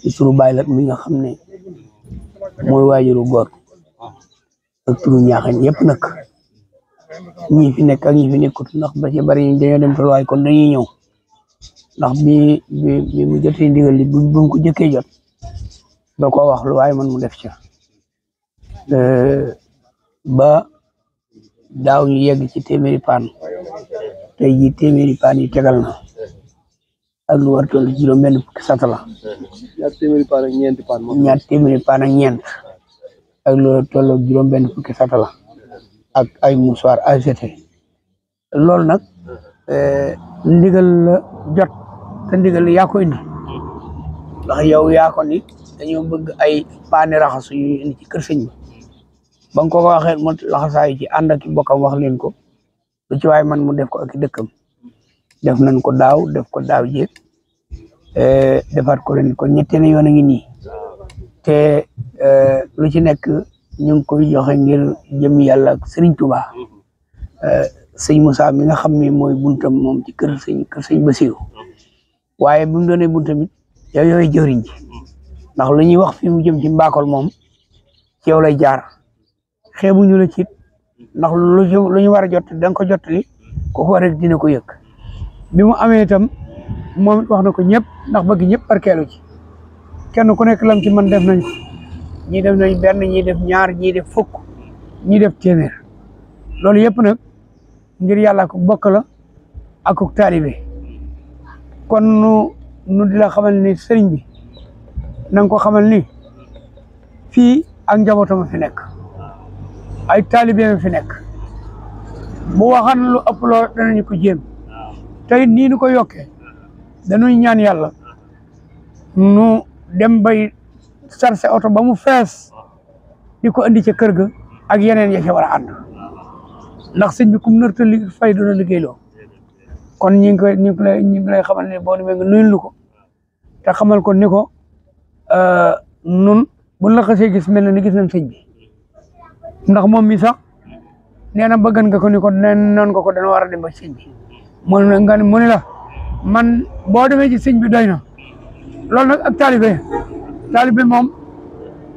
ci turu Baye Lat mi nga xam ne mooy waajuru góor ak turu ñaaxañ yëpp nag ñi fi nekk ak ñi fi nekkut ndax ci bari dañoo dem tolluwaay kon dañuy ñëw ndax bi bi bi mu jotee ndigal li jot da ko wax lu waaye man mu def ca ba daaw ñu yegg ci téeméeri paan tey ji téeméeri paan yi tegal ak lu war toll ci juróom benn fukki satala ñaar téeméeri paan ak ñeent paan ñaar téeméeri paan ak ak lu war ay musuwaar AGT loolu nag eh, ndigal la jot te ndigal yaa indi ndax yow yaa ko ni dañoo bëgg ay paani raxasu yu indi ci kër sëñ bi ba nga ko waxee mu laxasaayu ci ànd ak bokkam wax leen ko lu ci man mu def ko ak dëkkam def nañ ko daaw def ko daaw jéeg eh, defaat ko ren kon ñetteelu yoon a ngi nii te eh, lu ci nekk ñu ngi koy joxe ngir jëm yàlla ak Serigne Touba eh, sëñ Moussa mi nga xam ne mooy buntam moom ci kër sëñ kër sëñ Basiru waaye mu doonee buntam it yooyu jëriñ ji ndax lu ñuy wax fi mu jëm ci mbaakol moom ci yow lay jaar xeebuñu la ci ndax lu ñu war a jot da ko jotali kooku rek dina ko yëg. bi mu amee itam moom it wax na ko ñépp ndax bëgg ñëpp barkeelu ci kenn ku nekk lam ci man def nañ ko ñii def nañ benn ñii def ñaar ñii def fukk ñii def téeméer loolu yëpp nag ngir yàlla ko bokk la ak ko kon nu nu di la xamal ni sëriñ bi na ko xamal ni fii ak njabootam fi nekk ay taalibe fi nekk bu waxan lu ëpp danañu ko jéem tay ni ñu ko yokkee dañuy ñaan yalla nu dem bay chargé auto ba mu fess diko ko andi ci kër ga ak yeneen ya ci wara and ndax señ bi kum nërta li fay na liggéey lo kon ñi ngi ñi ngi lay ñi ngi lay xamal ni bo ni nga nuyul ko ta xamal ko niko euh nun bu la xasse gis mel ni gis nañ señ bi ndax mom mi sax nee bëggan nga ko ni ko non noon nga ko dañ war dem ba señ bi mu ne nga mu ne la man boo demee ci sëñ bi doy na loolu nag ak taalibe taalibe moom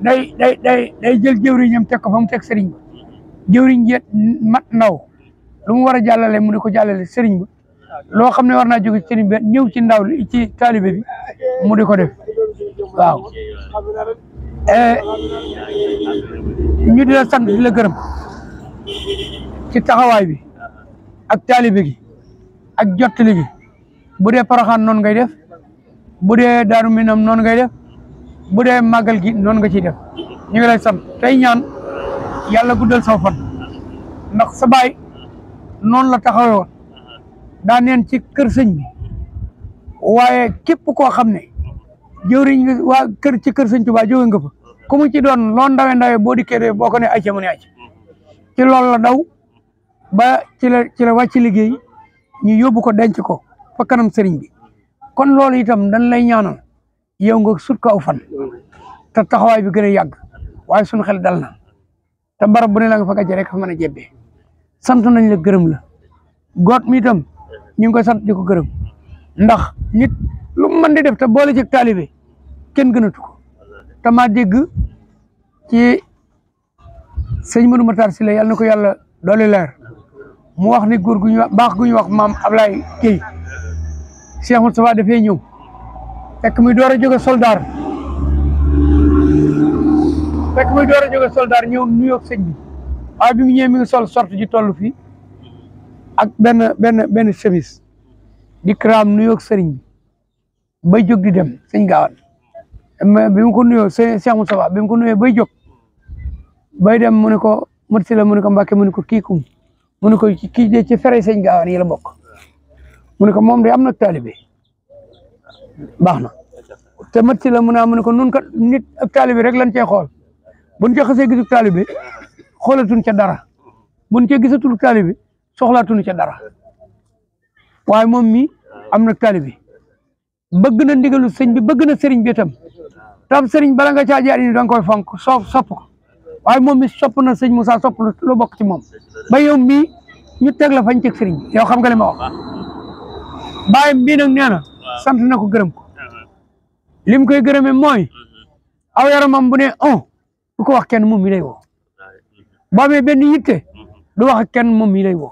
day day day day jël jëwriñam teg ko fa mu teg sëriñ ba jëwriñ ji mat ndaw lu mu war a jàllale mu di ko jàllale sëriñ ba loo xam ne war naa jóge ci bi ñëw ci ndaw li ci taalibe bi mu di ko def waaw eh, ñu di la sant di gërëm ci taxawaay bi ak taalibe gi ak jottali gi budé dee non ngay def budé daru Minam non ngay def budé magal gi non nga ci def ñu ngi lay sam tay ñaan yalla guddal sa fon ndax sa bay non la taxawé won da neen ci kër señ bi waaye képp ko xamné ne jëwriñ wa kër ci kër señ tuba jëw nga fa ku mu ci doon lo ndawé ndawé bo di kéré boko né ay ci mu ci lool la daw ba ci la ci la wacc liggéey ñu yobbu ko denc ko fa kanam serigne bi kon loolu itam dañ lay ñaanal yow nga sut ko ufan fan taxaway bi gëna yag yàgg waaye suñu xel dalna ta te barab bu ne la nga fa gàcce rek fa mëna jébé sant nañ la gërëm la goot mi itam ñu ngi sant diko ndax nit lu mën di def te boole ci taalibe ken gënatu ko ta ma dégg ci sëñ Mënu Matar si la yalla nako yalla mu wax ni gor gu ñu wax baax gu wax mam ablay Guèye Cheikh Moustapha soldar ñëw tek muy doora a soldar tek muy doora a soldar ñew ñëw nuyoo señ bi a bi mu ñëwee mi ngi sol sorte ji tollu fi ak ben ben ben chemise di kram New York señ bi bay jog di dem señ gawal bi mu ko nuyo Cheikh Moustapha bi mu ko nuyo bay jog bay dem mu ne ko mursila mu ne ko Mbàkke mu ne ko kikum mu ne ko kii de ci fere sëñ Gaawaan yi la bokk mu ne ko moom de am na taalibe baax na te matti la mu ne mu ne ko nun kat nit ak taalibe rek lañ cee xool buñ ca xasee gisul taalibe xoolatuñ ca dara buñ ca gisatul taalibe soxlaatuñ ca dara waaye moom mi am na taalibe bëgg na ndigalu sëñ bi bëgg na sëriñ bi tam tam sëriñ bala nga caa jaar ni da soo sopp waaye moom mi sopp na sëñ Moussa sopp lu bokk ci moom ba yow mii ñu teg la fañ teg sëriñ bi xam nga li ma wax bàyyi mbii nag nee na sant na ko gërëm ko li mu koy gërëmee mooy aw yaramam bu ne on du ko wax kenn moom mi lay woo boo amee benn yitte du wax kenn moom mi lay woo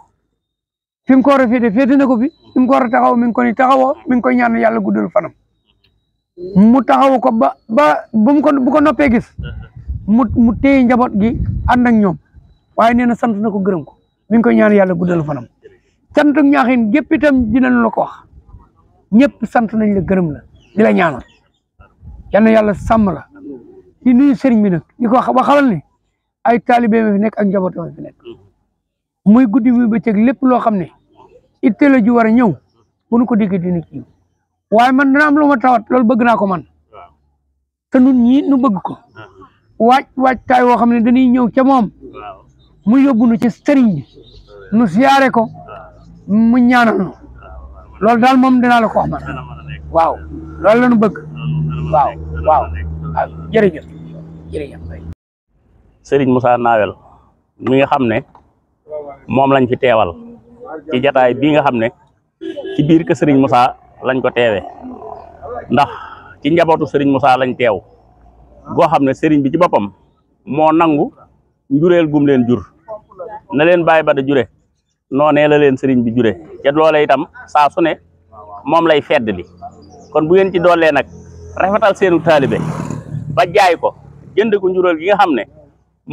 fi mu ko war a féete féete na ko fi fi mu ko war a taxaw mi ngi ko ni taxawoo mi ngi koy ñaan yàlla guddal fanam mu taxaw ko ba ba bu mu ko bu ko noppee gis mu mu téye njaboot gi ànd ak ñoom waaye nee na sant na ko gërëm ko mi ngi koy ñaan yàlla guddal fanam sant ak ñaaxin gépp itam dinañ la ko wax ñëpp sant nañ la gërëm la di la ñaanal yal na yàlla sàmm la di nuyu sëriñ bi nag di ko wax ba xamal ni ay taalibe mi fi nekk ak njabootam fi nekk muy guddi muy bëccëg lépp loo xam ne itte la ju war a ñëw bu nu ko déggee man dana am tawat loolu bëgg naa ko man te nun ñi nu bëgg ko ah. waaj waajtaay woo xam ne dañuy ñëw ca moom mu yóbbu nu ci sëriñ bi nu siyaare ko mu ñaanal nu loolu daal moom dinaa la ko wax man waaw loolu la nu bëgg sëriñ Moussa Nawel mi nga xam ne moom lañ fi teewal ci jataay bii nga xam ne ci biir kër sëriñ musa lañ ko teewe ndax ci njabootu sëriñ Moussa lañ teew goo xam ne sëriñ bi ci boppam moo nangu njureel gum leen jur na leen bàyyi ba da jure noonee la leen sëriñ bi jure ca loola itam saa su ne moom lay fedd li kon bu ngeen ci doolee nag rafetal seenu taalibe ba jaay ko jënd ko njuréel gi nga xam ne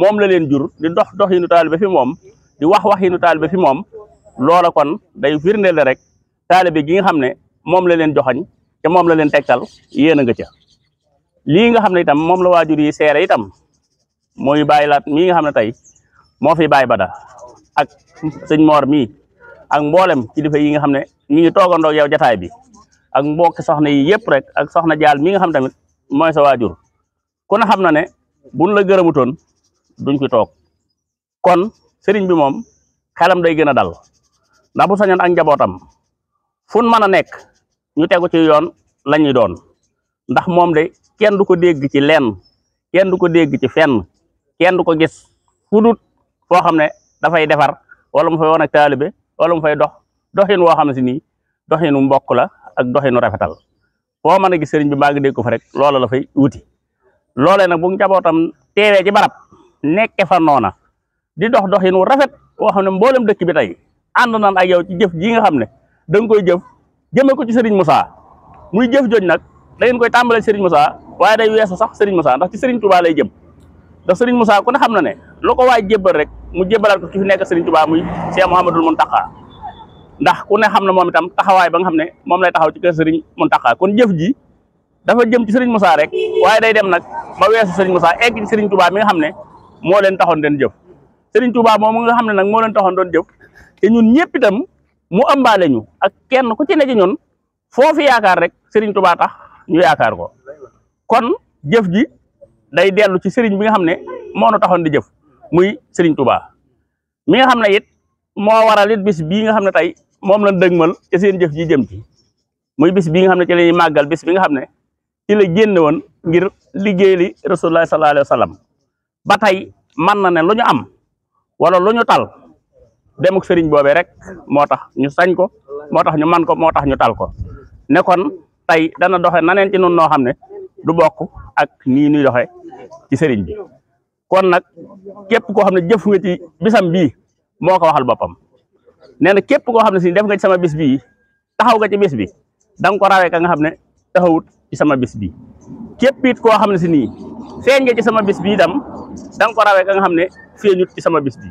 moom la leen jur di dox dox yi nu taalibe fi moom di wax wax yi nu taalibe fi moom loola kon day firndeel rek taalibe gi nga xam ne moom la leen joxañ te moom la leen tegtal yéen a nga ca lii nga xam ne itam moom la waajur yi seere itam mooy bàyyi laat mii nga xam ne tey moo fi bàyyi bada ak sëñ moor mi ak mboolem kilifa yi nga xam ne mi ngi toogandoog yow jataay bi ak mbokk soxna yi yëpp rek ak soxna jaal mi nga xam tamit mooy sa waajur ku ne xam na ne bun la gërëmutoon duñ fi toog kon sëriñ bi moom xelam day gën a dal ndax bu sañoon ak njabootam fun mën a nekk ñu tegu ci yoon la ñuy doon ndax moom de kenn du ko dégg ci lenn kenn du ko dégg ci fenn kenn du ko gis fudut foo xam ne dafay defar wala mu fay woon ak taalibe wala mu fay dox doxin woo xam ne si nii doxinu mbokk la ak doxinu rafetal foo man a gis sëriñ bi maa ngi dégg ko fa rek loola la fay wuti loole nag bu njabootam teewee ci barab nekke fa noona di dox doxinu rafet woo xam ne mboolem dëkk bi tey ànd naan ak yow ci jëf ji nga xam ne da koy jëf jëmee ko ci sëriñ Moussa muy jëf jooju nag waaye day weesu sax Serigne Moussa ndax ci Serigne Touba lay jëm ndax Serigne Moussa ku ne xam na ne lu ko waay jébbal rek mu jébbalaat ko ki fi nekk Serigne Touba muy Cheikh Mouhamadul ndax ku ne xam na moom itam taxawaay ba nga xam ne moom lay taxaw ci kër Serigne Mountakha kon jëf ji dafa jëm ci Serigne Moussa rek waaye day dem nag ba weesu Serigne Moussa egg ci Serigne mi nga xam ne moo leen taxoon den jëf Serigne Touba moom nga xam ne nag moo leen taxoon doon jëf te ñun ñëpp itam mu ëmbaale ñu ak kenn ku ci ne ñun foofu yaakaar rek Serigne Touba tax ñu yaakaar ko kon jëf ji day dellu ci sëriñ bi nga xam ne moo nu taxoon di jëf muy sëriñ tubaa mi xam ne it moo waral it bis bii nga xam ne tey moom lañ dëgmal ci seen jëf ji jëm ci muy bis bi nga xam ne ci la ñuy màggal bis bi nga xam ne ci la woon ngir liggéey li rasulullah sallallahu alayhi wa sallam ba tey man na ne lu ñu am wala lu ñu tal demuk sëriñ boobee rek moo tax ñu sañ ko moo tax ñu man ko moo tax ñu tal ko ne kon tey dana doxe naneen ci nun noo xam ne du bokk ak ni ñuy doxé ci sëriñ bi kon nak képp ko xamné jëf nga ci bisam bi moko waxal bopam néna képp ko xamné def nga ci sama bis bi taxaw nga ci bis bi dang ko rawé ka nga xamné taxawut ci sama bis bi képp it koo xam ne si nga ci sama bis bi dam dang ko rawé ka nga xamné feñut ci sama bis bi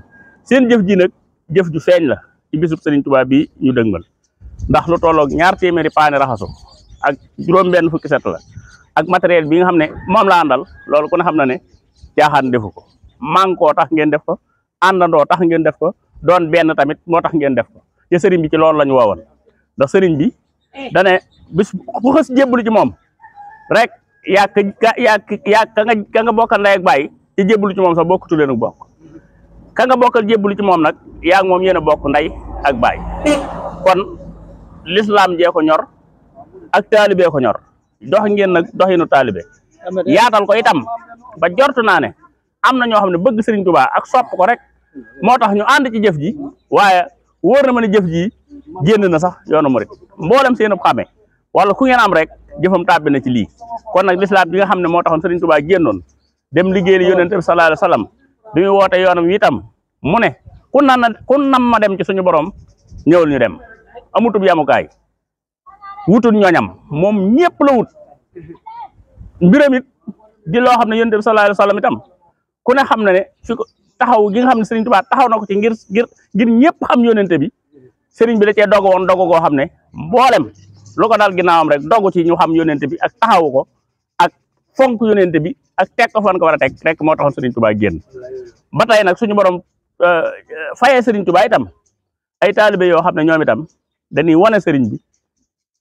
seen jëf ji nak jëf ju feñ la ci bisu sëriñ tuba bi ñu dëngal ndax lu tolok ñaar téeméeri paane raxaso ak juroom ben fukki set la ak matériel bi nga xam ne moom la àndal loolu ku xam na ne caaxaan defu ko mànkoo tax ngeen def ko àndandoo tax ngeen def ko doon benn tamit moo tax ngeen def ko te sëriñ bi ci loolu la ñu woowoon sëriñ bi eh. dane bis ku xës jébbalu ci moom rek yaa ka yaa yaa ka nga ka nga bokkal ndey ak bàyyi ci jébbalu ci moom sax bokkutu leen bokk ka nga bokkal jébbalu ci moom nag yaa moom yéen a bokk ak bàyyi eh. kon lislaam jee ko ñor ak taalibee ko ñor dox ngeen nag doxinu taalibe yaatal ko itam ba jortu naa ne am na ñoo xam ne bëgg Serigne Touba ak sopp ko rek moo tax ñu ànd ci jëf ji waaye wóor na ma ne jëf ji génn na sax mu murit mboolem seen xame wala ku ngeen rek jëfam tàbbi na ci lii kon nag lislaam bi nga xam ne moo taxoon Serigne Touba génnoon dem liggéey li yonent bi sallallahu alayhi wa sallam bi mu woote yoonam itam mu ne ku nan ku nam ma dem ci suñu borom ñëwul ñu dem amutub yamukaay wutul ñooñam moom ñëpp la wut mbiram it di loo xam ne yonent bi sallallahu alayhi wa sallam ku ne xam ne taxaw gi nga xam ne Serigne Touba taxaw na ko ci ngir ngir ngir ñëpp xam yonent bi Serigne bi da cee dog woon dog goo xam ne mboolem lu ko daal ginnaawam rek dog ci ñu xam yonent bi ak taxawu ko ak fonk yonent bi ak teg ko fan ko war a teg rek moo taxoon Serigne Touba génn ba tey nag suñu borom euh, fayee Serigne Touba itam ay taalibe yoo xam ne ñoom itam dañuy wane Serigne bi.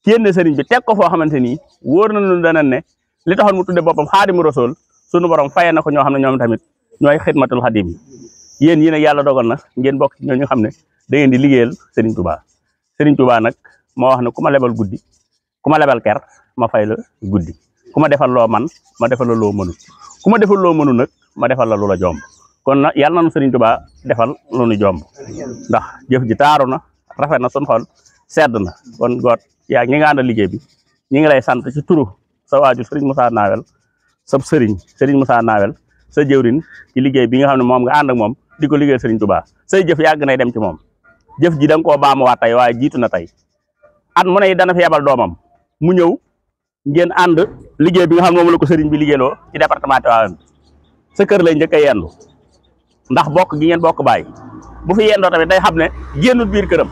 génne sëriñ bi teg ko foo xamante ni wóor nañu dana ne li taxoon mu tudde boppam xaadimu rasul sunu borom faye na ko ñoo xam ne ñoom tamit ñooy xidmatul xadim yi yéen yi nag yàlla dogal na ngeen bokk ci ñoo ñu xam ne da ngeen di liggéeyal sëriñ Tuubaa sëriñ Tuubaa nag moo wax ne ku ma lebal guddi ku ma lebal ker ma fay la guddi ku ma defal loo man ma defal la loo mënu ku ma defal loo mënu nag ma defal la lu la jomb kon nag yàlla nañu sëriñ Tuubaa defal lu nu jomb ndax jëf ji taaru na rafet na sun xol na yaa ñi nga àndal liggéey bi ñi ngi lay sant ci turu sa waajur sëriñ Moussa Nawel sa sëriñ sëriñ Moussa Nawel sa jëwrin ci liggéey bi nga xam ne moom nga ànd moom di ko liggéey sëriñ Touba say jëf yàgg nay dem ci moom jëf ji da nga koo baamuwaat tey waaye jiitu na tey an mu ne dana fi yebal doomam mu ñëw ngeen ànd liggéey bi nga xam ne moom la ko sëriñ bi liggéeyloo ci département Tivaouane bi sa kër la njëkk a yendu ndax bokk gi ngeen bokk bàyyi bu fi yendoo tamit day xam ne génnul biir këram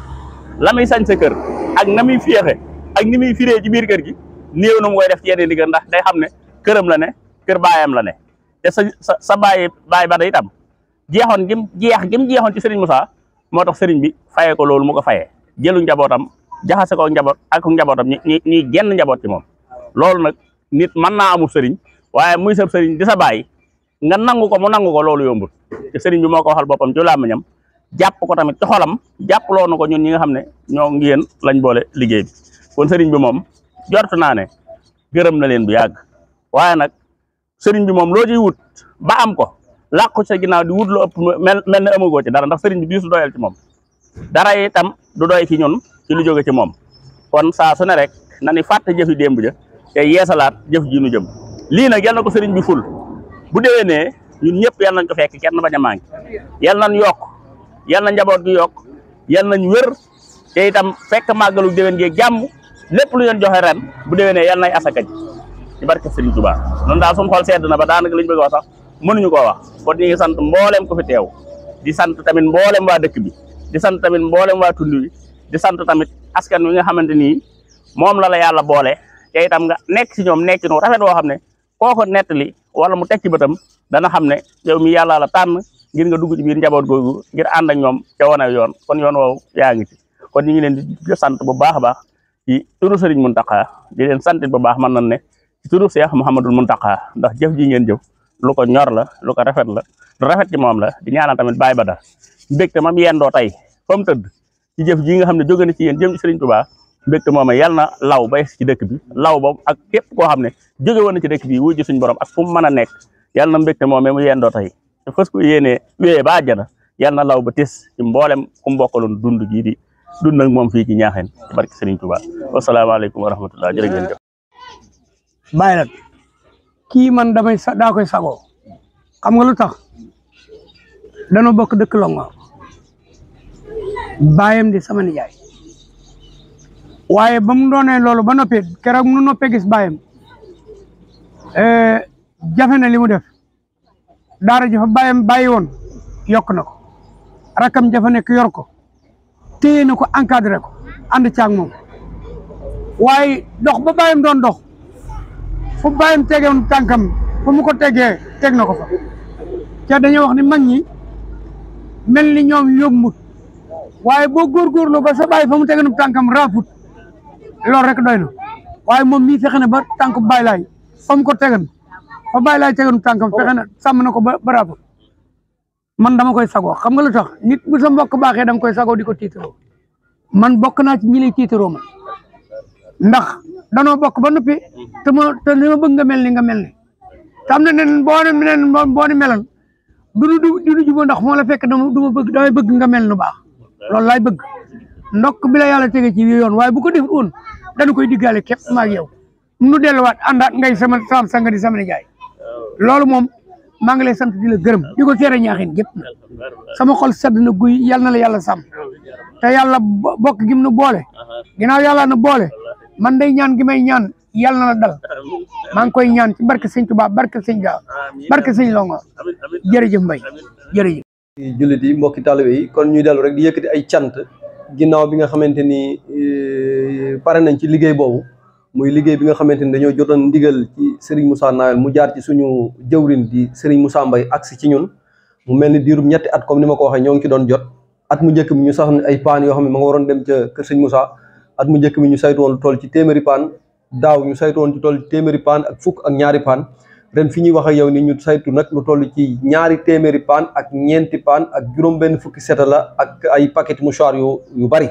sa kër ak na muy féexe ak ni muy firee ci biir kër gi néew na mu koy def ci yeneen kër ndax day xam ne këram la ne kër baayam la ne te sa sa sa baay baay ba day itam jeexoon gim jeex gim jeexoon ci Serigne Moussa moo tax sëriñ bi fayee ko loolu mu ko fayee jëlu njabootam jaxase ko njaboot ak njabootam ñi genn njaboot ci moom loolu nag nit mën naa amul sëriñ waaye muy sab Serigne di sa baay nga nangu ko mu nangu ko loolu yombul te bi moo ko waxal boppam ci ñam jàpp ko tamit ci xolam jàppaloo na ko ñun ñi nga xam ne ñoo ngi yéen lañ boole liggéey bi kon sëriñ bi moom jort naa ne gërëm na leen bu yàgg waaye nag sëriñ bi moom loo ciy wut ba am ko làqu ci sa ginnaaw di wut lu ëpp mel mel ne amagoo ci dara ndax sëriñ bi diisu doyal ci moom dara itam du doy ci ñun ci lu jóge ci moom kon saa su ne rek na ni fàtte jëf yi démb ja te yeesalaat jëf ji nu jëm lii nag yal na ko sëriñ bi ful bu déwénee ñun ñëpp yal nañ ko fekk kenn bañ a manqué yal nañ yokk yal na njaboot gi yokk yal nañ wër te itam fekk màggalu déwén gee jàmm lépp lu ñu joxe ren bu déwénee yal nay asaka ji ci barke Sëriñ Tuubaa noonu daal suñu xol sedd na ba daanaka liñ bëgg wax sax mënuñu koo wax kon ñu ngi sant mboolem ko fi teew di sant tamit mboolem waa dëkk bi di sant tamit mboolem waa tund bi di sant tamit askan wi nga xamante ni moom la la yàlla boole te nga nekk ci ñoom nekk ci ñoom woo xam ne koo ko nettali wala mu tekki ci bëtam tànn ngir nga dugg ci biir njaboot googu ngir ànd ak ñoom ca wane yoon kon yoon woowu yaa ngi ci kon ñu ngi leen di sant bu baax a baax ci turu Serigne Mountakha di leen sant bu baax mën nañ ne ci turu Cheikh Mouhamadul Mountakha ndax jëf ji ngeen jëf lu ko ñor la lu ko rafet la rafet ci moom la di ñaanal tamit bàyyi ba dara mbégte mam yendoo tey fa mu tëdd ci jëf ji nga xam ne jóge na ci yéen jëm ci Serigne Touba mbégte moom yal na law ba ci dëkk bi law boobu ak képp koo xam ne jóge woon na ci dëkk bi wuj ji suñu borom ak fu mu mën a nekk yal na mbégte moom mu yendoo tey te fas ku yéenee wéyee ba àjjana yàlla na law ba tes ci mboolem ku mbokkaloon dund gii di dund ak moom fii ci ñaaxeen ci barke Serigne Touba wasalaamaaleykum wa rahmatullah jërëngeen nag kii man damay sa daa koy sagoo xam nga lu tax danoo bokk dëkk Longoor di sama nijaay waaye ba loolu ba noppee keroog mu gis bàyyam eh, jafe na li mu def daara ji fa bàyyam bàyyi woon yokk na ko rakam jafa nekk yor ko téye na ko encadre ko ànd caag moom waaye dox ba bàyyam doon dox fu bàyyam tegewoon tànkam fo mu ko tegee teg na ko fa ca dañoo wax ni mag ñi mel ni ñoom yóbbut waaye boo góorgóorloo ba sa bàyyi fa mu tege tegenum tànkam raafut loolu rek doy na waaye moom mii fexe na ba tànk bàyyi laay fa mu ko tegan ma bay laa tegoon tankam fexe na sàmm na barabu man dama koy sago xam nga lu tax nit bu sa mbokk baxé dama koy sago diko ko man bokk na ci ñi lay tiitaroo man ndax danoo bokk ba noppi te ma te li ma bëgg nga melni nga melni tam na nen boo ne nen boo ne meloon du du du du jubóo ndax mo la fekk dama duma bëgg dama bëgg nga mel nu baax lool lay bëgg ndokk bi la yalla tege ci yoon way bu ko def woon dañ koy diggalé kep ma ak yow nu delu wat andat ngay sama sam sangani di sama jaay loolu moom maa ngi lay sant di la gërëm di ko seere ñaaxin gépp na sama xol sedd na guy yal na la yàlla sàmm te yàlla bokk gim na boole ginaaw yàlla na boole man day ñaan gi may ñaan yàlla na la dal maa ngi koy ñaan ci barke sëñ Tuubaa barke sëñ Jaaw barke sëñ Longo jërëjëf Mbay jërëjëf jullit yi mbokki taalibe yi kon ñuy dellu rek di yëkkati ay cant ginnaaw bi nga xamante ni eh, pare nañ ci liggéey boobu muy liggéey bi nga xamante ni dañoo jotoon ndigal ci Serigne Moussa Nawel mu jaar ci suñu jëwrin di Serigne Moussa ak si ci ñun mu mel ni diirum ñetti at comme ni ma ko waxee ñoo ngi ci doon jot at mu njëkk mi ñu sax ay paan yoo xam ne ma nga waroon dem ca kër Serigne at mu njëkk mi ñu saytu woon lu toll ci téeméeri paan daaw ñu saytu woon ci toll ci téeméeri paan ak fukk ak ñaari paan ren fi ñuy wax ak yow ni ñu saytu nag lu toll ci ñaari téeméeri paan ak ñeenti paan ak juróom benn fukki seta la ak ay paquet mouchoir yu yu bari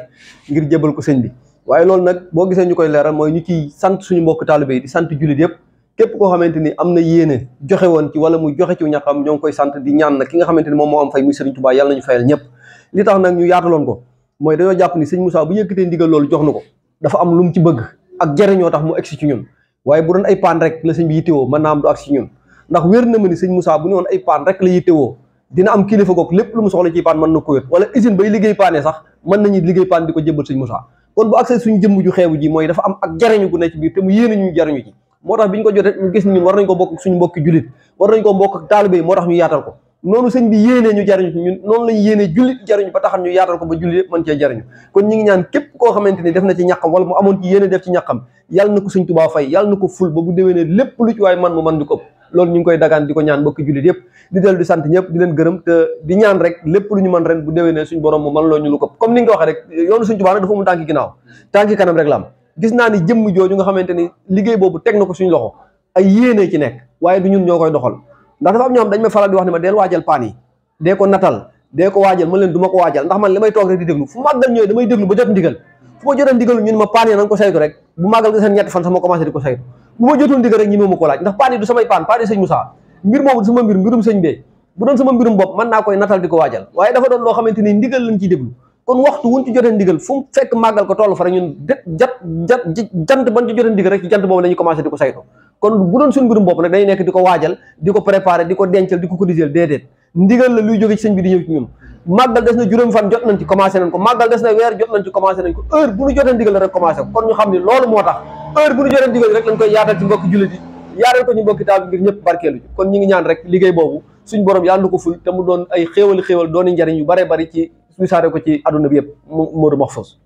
ngir jébal ko sëñ bi waaye loolu nag boo gisee ñu koy leeral mooy ñu ciy sant suñu mbokk taalibe yi di sant jullit yëpp képp koo xamante ni am na yéene joxe woon ci wala muy joxe ci ñaxam ñoo ngi koy sant di ñaan nag ki xamante ni moom moo am fay muy Serigne Touba yàlla nañu fayal ñëpp li ko mooy dañoo jàpp ni sëñ Moussa bu yëkkatee ndigal loolu jox na ko dafa am lu mu ci bëgg tax mu ci ñun waaye bu doon ay paan rek la sëñ bi yittewoo mën naa am du agsi ci ñun ndax wér na ma ni sëñ Moussa bu ne woon ay paan rek la woo dina am kilifa goog lépp lu mu soxla ci paan mën na ko wér wala usine bay liggéey paane sax mën nañu liggéey paan di ko jëbbal sëñ Moussa kon bu accès suñu jëmm ju xeebu ji mooy dafa am ak jariñu gu ne biir te mu yéene ñu jariñu ci moo tax bi ñu ko jotee ñu gis ñun war nañ ko bokk suñu mbokki jullit war nañ ko bokk ak taalibe yi moo ñu ko noonu sëñ bi yéenee ñu jariñu ci ñun noonu lañ yéenee jullit jariñu ba taxan ñu yaatal ko ba jullit yëpp cee jariñu kon ñi ngi ñaan képp koo xamante ni def na ci ñàqam wala mu amoon ci yéene def ci ñàqam yàlla na ko sëñ Tuubaa fay yàlla na ko ful ba bu déwénee lépp lu ci waay man mu man di ko loolu ñu ngi koy dagaan di ko ñaan mbokki jullit yëpp di dellu di sant ñëpp di leen gërëm te di ñaan rek lépp lu ñu mën ren bu déwénee suñu borom mu mën loo ñu lu ko comme ni nga ko waxee rek yoonu suñu Tuubaa nag dafa nga xamante ni liggéey boobu teg na ko suñu loxo ay yéene ci nekk waaye du ñun ñoo koy doxal ndax dafa am ñoo xam dañ ma faral di wax ne ma deel waajal paan yi dee ko natal dee ko waajal ma leen du ma ko waajal ndax man li may toog rek di déglu fu màggal ñooy damay déglu ba jot ndigal fu ma jotee ndigal ñun ma paan yi ko saytu rek bu màggal di ko saytu bu ma jotul ndigal rek ñi ma ko laaj ndax paan yi du samay paan paan yi sëñ Moussa mbir moomu du sama mbir mbirum sëñ sama mbirum bopp di ko waajal waaye lañ ciy déglu kon waxtu wuñ ci jotee di ko nag dañuy nekk di ko waajal di ko préparé di ko dencal di ko cotiser déedéet ndigal la luy jóge ci sëñ bi di ñëw ci ñun màggal des na juróom fan jot nañ ci commencé nañ ko màggal des na weer jot nañ ci commencé nañ ko heure bu ñu jotee ndigal rek commencé ko kon ñu xam ne loolu moo tax heure bu ñu jotee ndigal rek lañ koy yaatal ci mbokki jullit yi yaatal ko ñu mbokki taal ngir ñëpp barkeelu ci kon ñu ngi ñaan rek liggéey boobu suñ borom yàlla ko ful te mu doon ay xéewal xéewal dooni njariñ yu bare bari ci wisaare ko ci àdduna bi yëpp Modou Mahfouss